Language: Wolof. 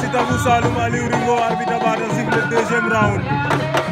Siteu bu Saloum Aliou Ringo arbitre ba siffle deuxième round